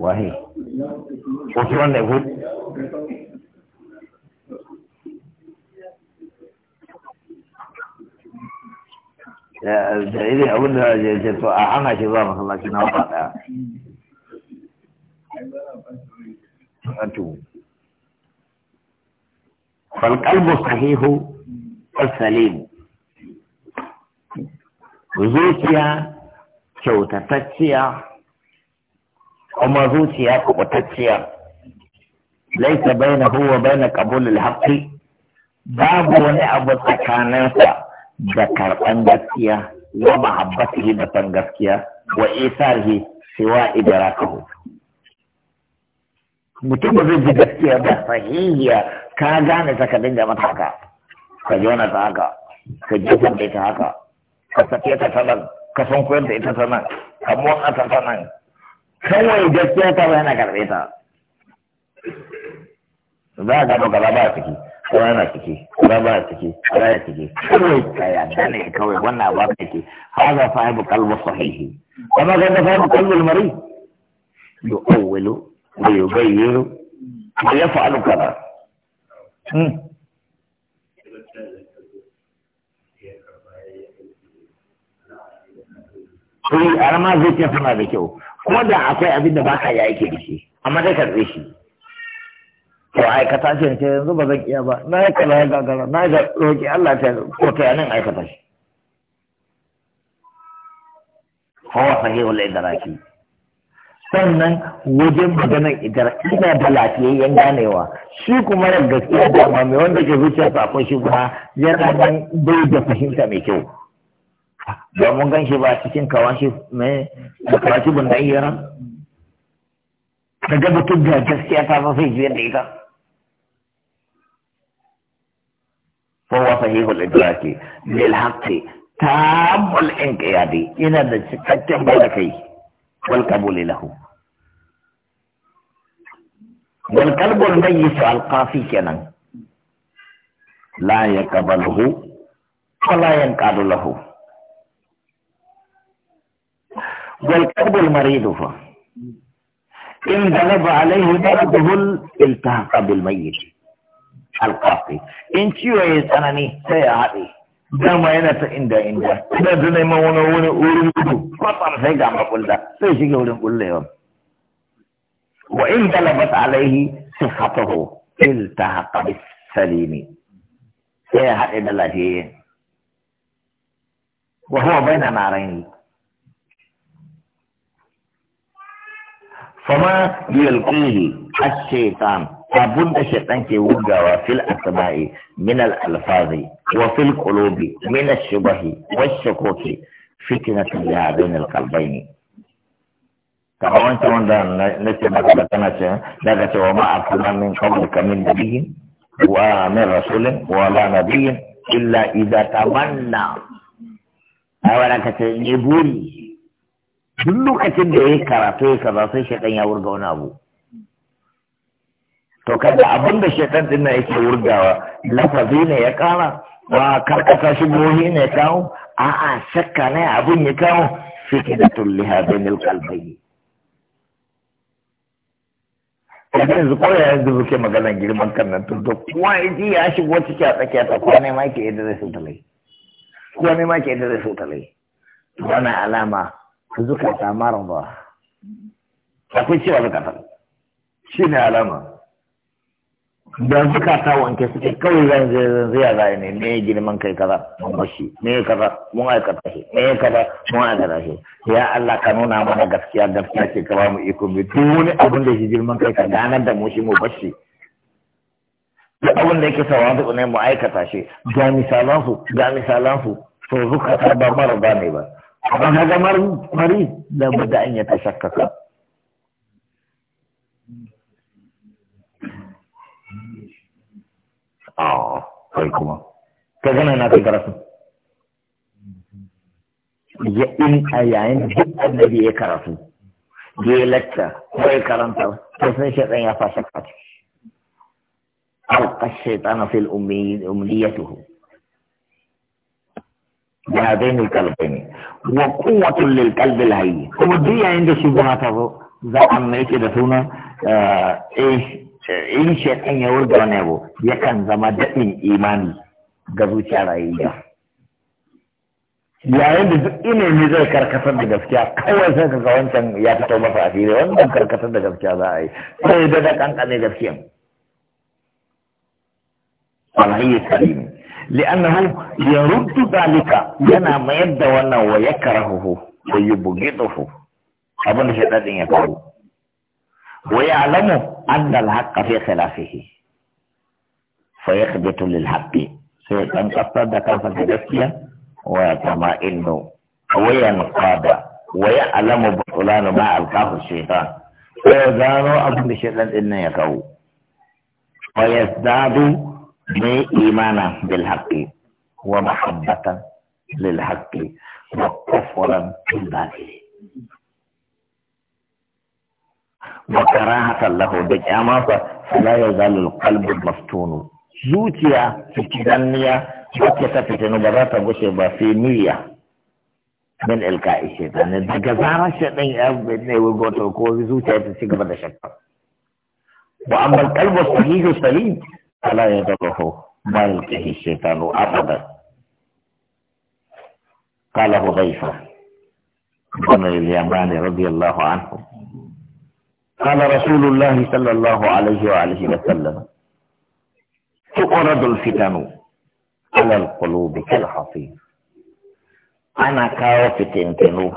wahi usman ne ku da ile abin da ya ce to a ana shi zuwa masallaci na wata daya فالقلب sahihu salim zuciya kyautatacciya kuma zuciya kubutacciya laisa baina huwa baina qabulil haqqi babu wani abu tsakaninsa da karban gaskiya wa mahabbatihi da san gaskiya wa isarhi siwa idrakahu mutum ba zai ji gaskiya ba sahihiya ka gane ta ka dinga mata haka ka jona ta haka ka ji da haka ka sake ta sanan ka san koyar da ita sanan ka motsa ta sanan kawai gaskiya ta yana karɓe ta za a gano gaba ba a ciki kuma yana ciki gaba ba a ciki gaba ya ciki kawai ta yadda ne kawai wannan abu aka ce haza fahimu kalbu sahihi kuma ga da fahimu kalbu mari yo awwalu wa yubayyiru wa yaf'alu kaza hmm. Kuri arama zai ce suna da kyau, Kuma da akwai abin da baka ya yake da shi amma dai karɓe shi to aikata shi ce yanzu ba zan iya ba na yi kala ga gara na ga roƙi Allah ta ko ta yanin aikata shi hawa sahihul idraki sannan wajen maganar idar ina da lafiyayyen ganewa shi kuma da gaskiya da mai wanda ke zuciyarsa akwai shi kuma yana nan bai da fahimta mai kyau ba mun gan shi ba cikin kawashi mai da kawashi bunda iya ran daga mutum da gaskiya ta fa sai juyar da ita fawa sahihul idraki lil haqqi tamul inqiyadi ina da cikakken ba kai wal qabuli lahu wal qalbul mayyit al qafi kenan la yaqbaluhu wala yanqadu lahu ده الكذب المريض فا ان ضرب عليه ضربه التهق بالميت القاضي ان شو اي سنني سيعدي دام انا في عند عند ده زي ما وانا وانا اريد فطر في جامع كل ده في شيء يقول كل يوم وان طلبت عليه صحته التهق بالسليم سيعدي بالله وهو بين نارين فما يلقيه الشيطان فبد الشيطان كي وجوا في الأسماء من الألفاظ وفي القلوب من الشبه والشكوك فتنة لها بين القلبين kamar wancan wanda na ce maka da kana ce daga cewa ma a kuma min kawai kamin nabiyin wa min rasulin wa la nabiyin illa idza tamanna ai wala ka ce ni buri duk lokacin da ya yi karatu ya kaza sai shaitan ya wurga wani abu to kada abin da shaitan din nan yake wurgawa lafazi ne ya kara ba karkasa shigohi ne kawo a'a shakka ne abin ya kawo fitnatul lihabainil qalbayni kaga yanzu ko ya yanzu muke maganar girman kan nan to kowa yaji ya shigo ciki a tsakiya ta kowa ne ma ke yadda zai so talai kowa ne ma ke yadda zai so talai wannan alama zukata marar ba akwai cewa zukata shi ne alama da zukata wanke suke kawai zan zai ya zai ne me girman kai kaza mun bashi me kaza mun aikata shi me kaza mun aikata shi ya Allah ka nuna mana gaskiya gaskiya ce ka ba mu iko bi duk wani abin da shi girman kai ka ganar da mu shi mu bashi duk abin da yake sawa duk ne mu aikata shi ga misalan su ga misalan su to zukata ba mara ba ne ba amma kaga mari da bada an ya tashakkaka ah kuma ka gana na karatu ya in a yayin duk ya karatu ya yi lakta ya karanta ko sai shaitan ya fashe kati alƙashe tsana fil umniyatuhu بهذين القلبين وقوة للقلب الهي kuma duk yayin da shugaba ta zo za a mai yake da suna eh, eh, in shekan ya wurga wani abu yakan zama daɗin imani ga zuciya rayayya yayin da duk ne zai karkatar da gaskiya kawai sai kaga wancan ya fito masa a fili wannan karkatar da gaskiya za a yi sai da da kankane gaskiyan alhayyar salimi لأنه يرد ذلك ينا ما يد وانا ويكرهه ويبغضه أبن شداد يقول ويعلم أن الحق في خلافه فيخبط للحق سيكون قصد كافة الجسكية ويتمائن وينقاد ويعلم بطلان ما ألقاه الشيطان فيزانو أبن شداد يقول ويزداد ne imana bil haqqi wa mahabbatan lil haqqi wa kufran bil batil wa karahatan lahu da kyama fa la yazalu al qalbu maftunu zuciya fikidanniya wacce ta fitinu ba za ta gushe ba sai niyya min ilka'i shaitan daga zarar shaitan ya ne wugoto ko zuciya ta ci gaba da shakka wa amma kalbu sahihu salim فلا يضره ما يلقيه الشيطان أبدا قال حذيفة بن اليمان رضي الله عنه قال رسول الله صلى الله عليه وآله وسلم تؤرد الفتن على القلوب كالحصير أنا كاو تنو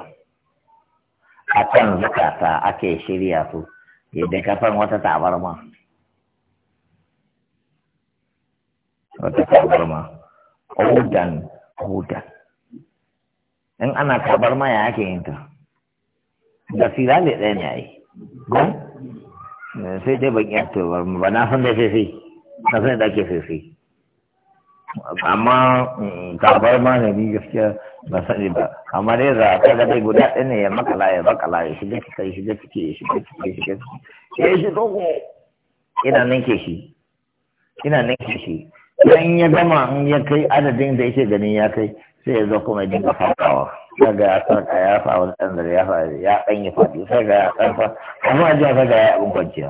أكن زكاة أكي شريعة يدكفن تعبر ما wata tabarma hudan hudan in ana tabarma ya ake yin ta da firale ɗaya ne ai sai dai ban iya tabarma ba na san da sai sai na san da ake sai sai amma tabarma ne ni gaskiya ba sani ba amma dai za ka ga dai guda ɗaya ne ya makala ya makala ya shiga ciki ya shiga ciki ya shiga ciki ya shiga ciki shi dogo ina ninke shi ina ninke shi idan ya gama in ya kai adadin da yake ganin ya kai sai ya zo kuma ya dinga farkawa ya sarka ya fa wani dan ya fa ya dan ya fadi sai ga ya sarka amma a ka ga ya abin kwanciya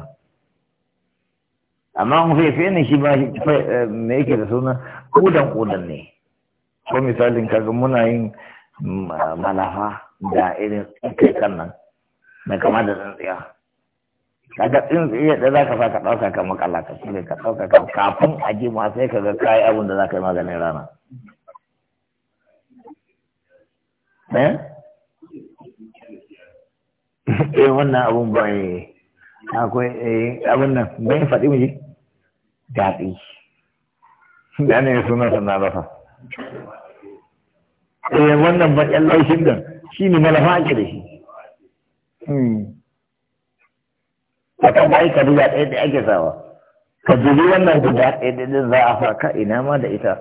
amma fi fefe ne shi ba eh, me yake da suna kudan kudan ne ko misalin kaga muna yin mm, malafa da irin kai kan nan mai kama da tsantsiya kaga tsintsiya da zaka sa ka ɗauka ka makalla ka cire ka ɗauka ka kafin a ji ma sai ga kayi abin da zaka yi maganin rana eh eh wannan abun ba eh akwai eh abin nan bai faɗi miji? daɗi da ne sunan na rafa eh wannan ƴan laushin da shi ne malafa ake da shi hmm. akan da ka duba ɗaya da ake sawa ka dubi wannan guda ɗaya da za a faka ina ma da ita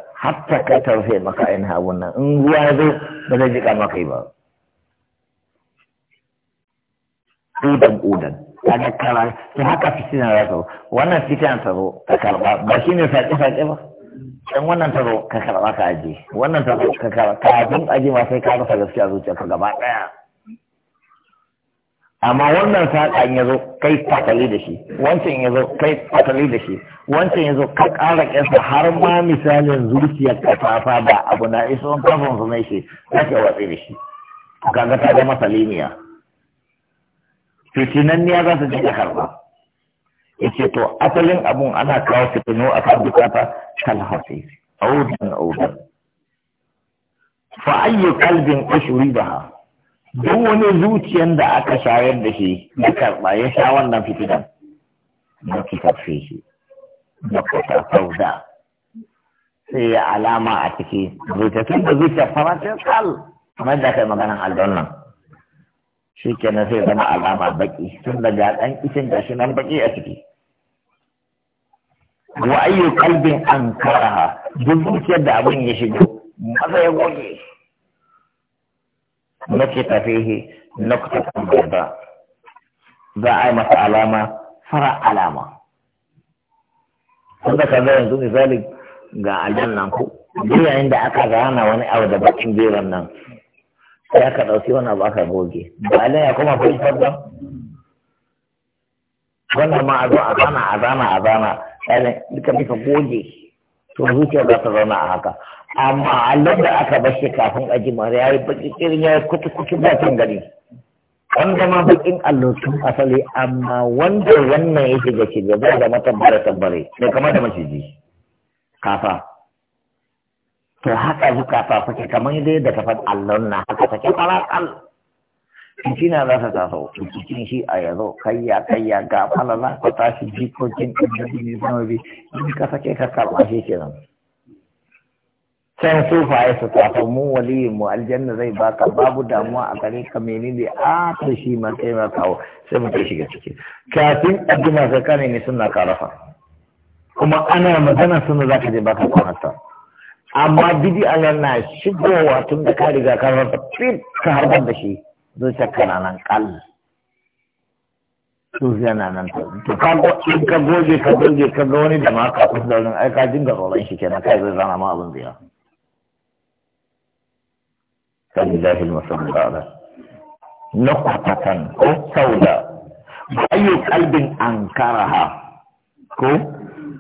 ta kai ta rufe maka ainihin abun nan in ruwa ya zo ba zai jiƙa maka yi ba udan udan kaga kara ta haka fitina za ta zo wannan fitina ta zo ka karɓa, ba shi ne saƙe-saƙe ba dan wannan ta zo ka karɓa ka aje wannan ta zo ka karɓa kafin aje ma sai ka rufe gaskiya ka gaba ɗaya amma wannan saƙan ya zo kai fatali da shi wancan ya zo kai fatali da shi wancan ya zo ka ƙara ƙasa har ma misalin zuciyar kafafa da abu na iso kafin su mai shi kake watsi da shi kaga ta ga masalimiya fitinanniya za su je da karba ce to asalin abun ana kawo fitinu a kan bukata a wurin audan audan fa ayyu qalbin ha. duk wani zuciyan da aka shayar da shi na karɓa ya sha wannan fitinan na fi shi na kusa sauda sai ya alama a ciki zuciyatun da zuciyar farashin sal kamar da kai maganin aldon nan shi kenan sai zama alama baki tun daga ɗan isin shi nan baki a ciki wa ayyu kalbin an karaha duk zuciyar da abin ya shigo maza ya goge نكت فيه نقطة بيضاء زعامة علامة فرع علامة هذا كذا دون ذلك قال لنا نكو دي عند أكاد أنا وانا أو دبا كبير لنا سيأكد أو سيوانا باكا بوجي بألا يكوما في الفضل وانا ما أدو أدانا أدانا أدانا يعني لكا بيكا بوجي تنزوكي أدانا أدانا أدانا amma allon da aka bar shi kafin a jimare ya yi baki irin ya yi kutu-kutu ba can gari an zama bakin Allah tun asali amma wanda wannan ya shiga shiga zai zama tabbare-tabbare mai kama da maciji kafa to haka zu kafa fake kamar dai da kafan allon na haka fake falakal kici na za ta taso kici shi a yazo kayya kayya ga falala ka tashi jikokin ɗin da ne zama bi in ka sake ka karɓa shi kenan can sufaye su tafa mu waliyin mu aljanna zai baka babu damuwa a gare ka menene a ta shi ma sai ma kawo sai mu kai shiga ciki kafin addu'a sai kane ne suna karafa kuma ana magana suna zaka je baka kwanata amma bidi Allah na shigowa tun da ka riga ka rafa fit ka harba da shi zuciyar kana nan kal to na nan to ka ka goge ka goge ka ga wani da ma ka kusa da wurin ai ka dinga rawan shi kenan kai zai zama ma abin zai فلله المثل الأعلى نقطة أو سوداء أي قلب أنكرها ko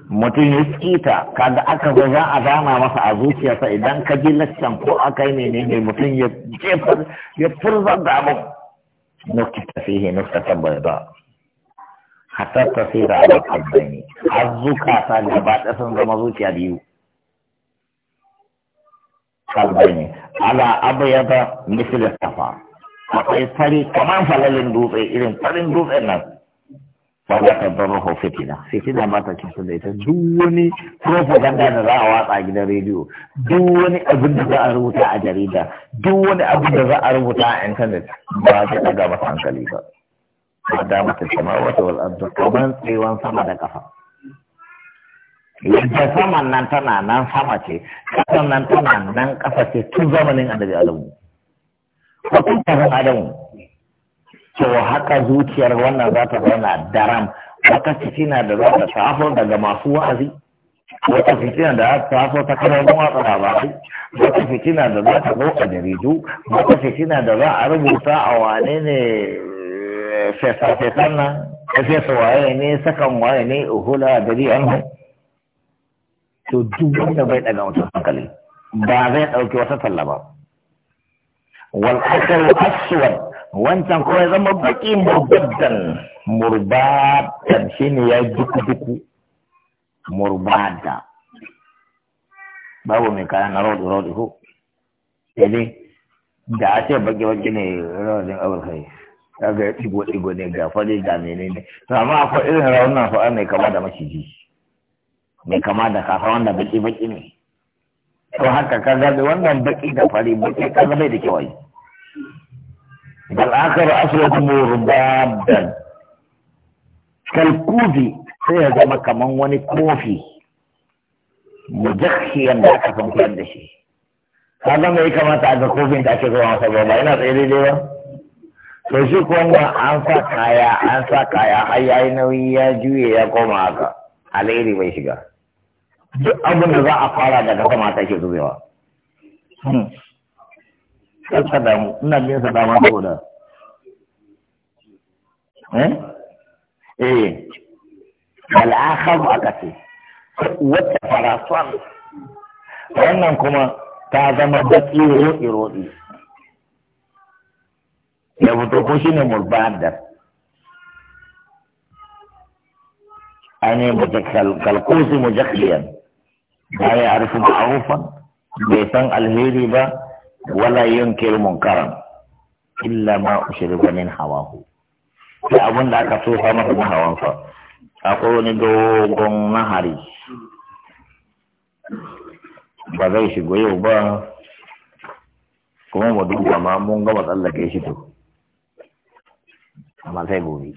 mutum ya tsita kaga aka ga za a dama masa a zuciyarsa idan ka ji laccan ko aka yi menene mutum ya jefar ya furzar da abin nukta fihi nukta tabbai ba da tasira ala qalbayni azzuka ta gaba da sun zama zuciya biyu kalbaini ala abyada misl safa akwai fari kamar falalin dutse irin farin dutse nan fara ta barho fitina fitina ba ta cikin da ita duk wani propaganda da za a watsa gidan rediyo duk wani abin da za a rubuta a jarida duk wani abin da za a rubuta a intanet ba ta daga masa hankali ba ba da mata sama wata wal'adu kamar tsayuwan sama da kafa yadda saman nan tana nan sama ce ƙasan nan tana nan ƙasa ce tun zamanin annabi adamu ko tun kafin adamu wa haka zuciyar wannan za ta zauna daram wata fitina da za ta taso daga masu wa'azi wata fitina da za ta taso ta karamin watsa labarai wata fitina da za ta zo a jaridu wata fitina da za a rubuta a wane ne eh, fesa-fesan nan fesa waye ne sakan waye ne uhula gari an hau to duk wanda bai daga wata hankali ba zai dauki wata talla ba wal akal aswad wancan kuma ya zama baki murbaddan murbadan shine ya duku duku murbada babu mai kaya na rodi rodi ko ne da a ce baki baki ne rodin abulhai kaga ya digo digo ne ga fadi ga menene to amma akwai irin raunin fa'a mai kama da maciji mai kama da kafa wanda baki baki ne to haka ka zabe wannan baki da fari baki ka zabe da kyawai bal akhar aslatu murbadan kalkuzi sai ya zama kaman wani kofi mujakhshiyan da aka fanfiyar da shi kaga mai kamata a ga kofin da ake zuwa masa ba ina tsaye daidai ba to shi kuma an sa kaya an sa kaya har yayi nauyi ya juye ya koma haka alheri bai shiga duk abin da za a fara daga sama ta ke zubewa hmm. kansa damu ina biyan sa dama saboda eh eh al'akhar aka ce wata farasuwan wannan kuma ta zama baki roɗi roɗi ya fito ko shi shine murbadar ainihin mujakkal kalkusi mujakliyan baya ya arfi ma'arufa bai san alheri ba wala yin kirmun karan illa ma ushiri ganin hawahu ta abin da aka tofa masa hawan hawansa a kowane dogon nahari ba zai shigo yau ba kuma mu duba ma mun gama tsallake shi to amma sai gobe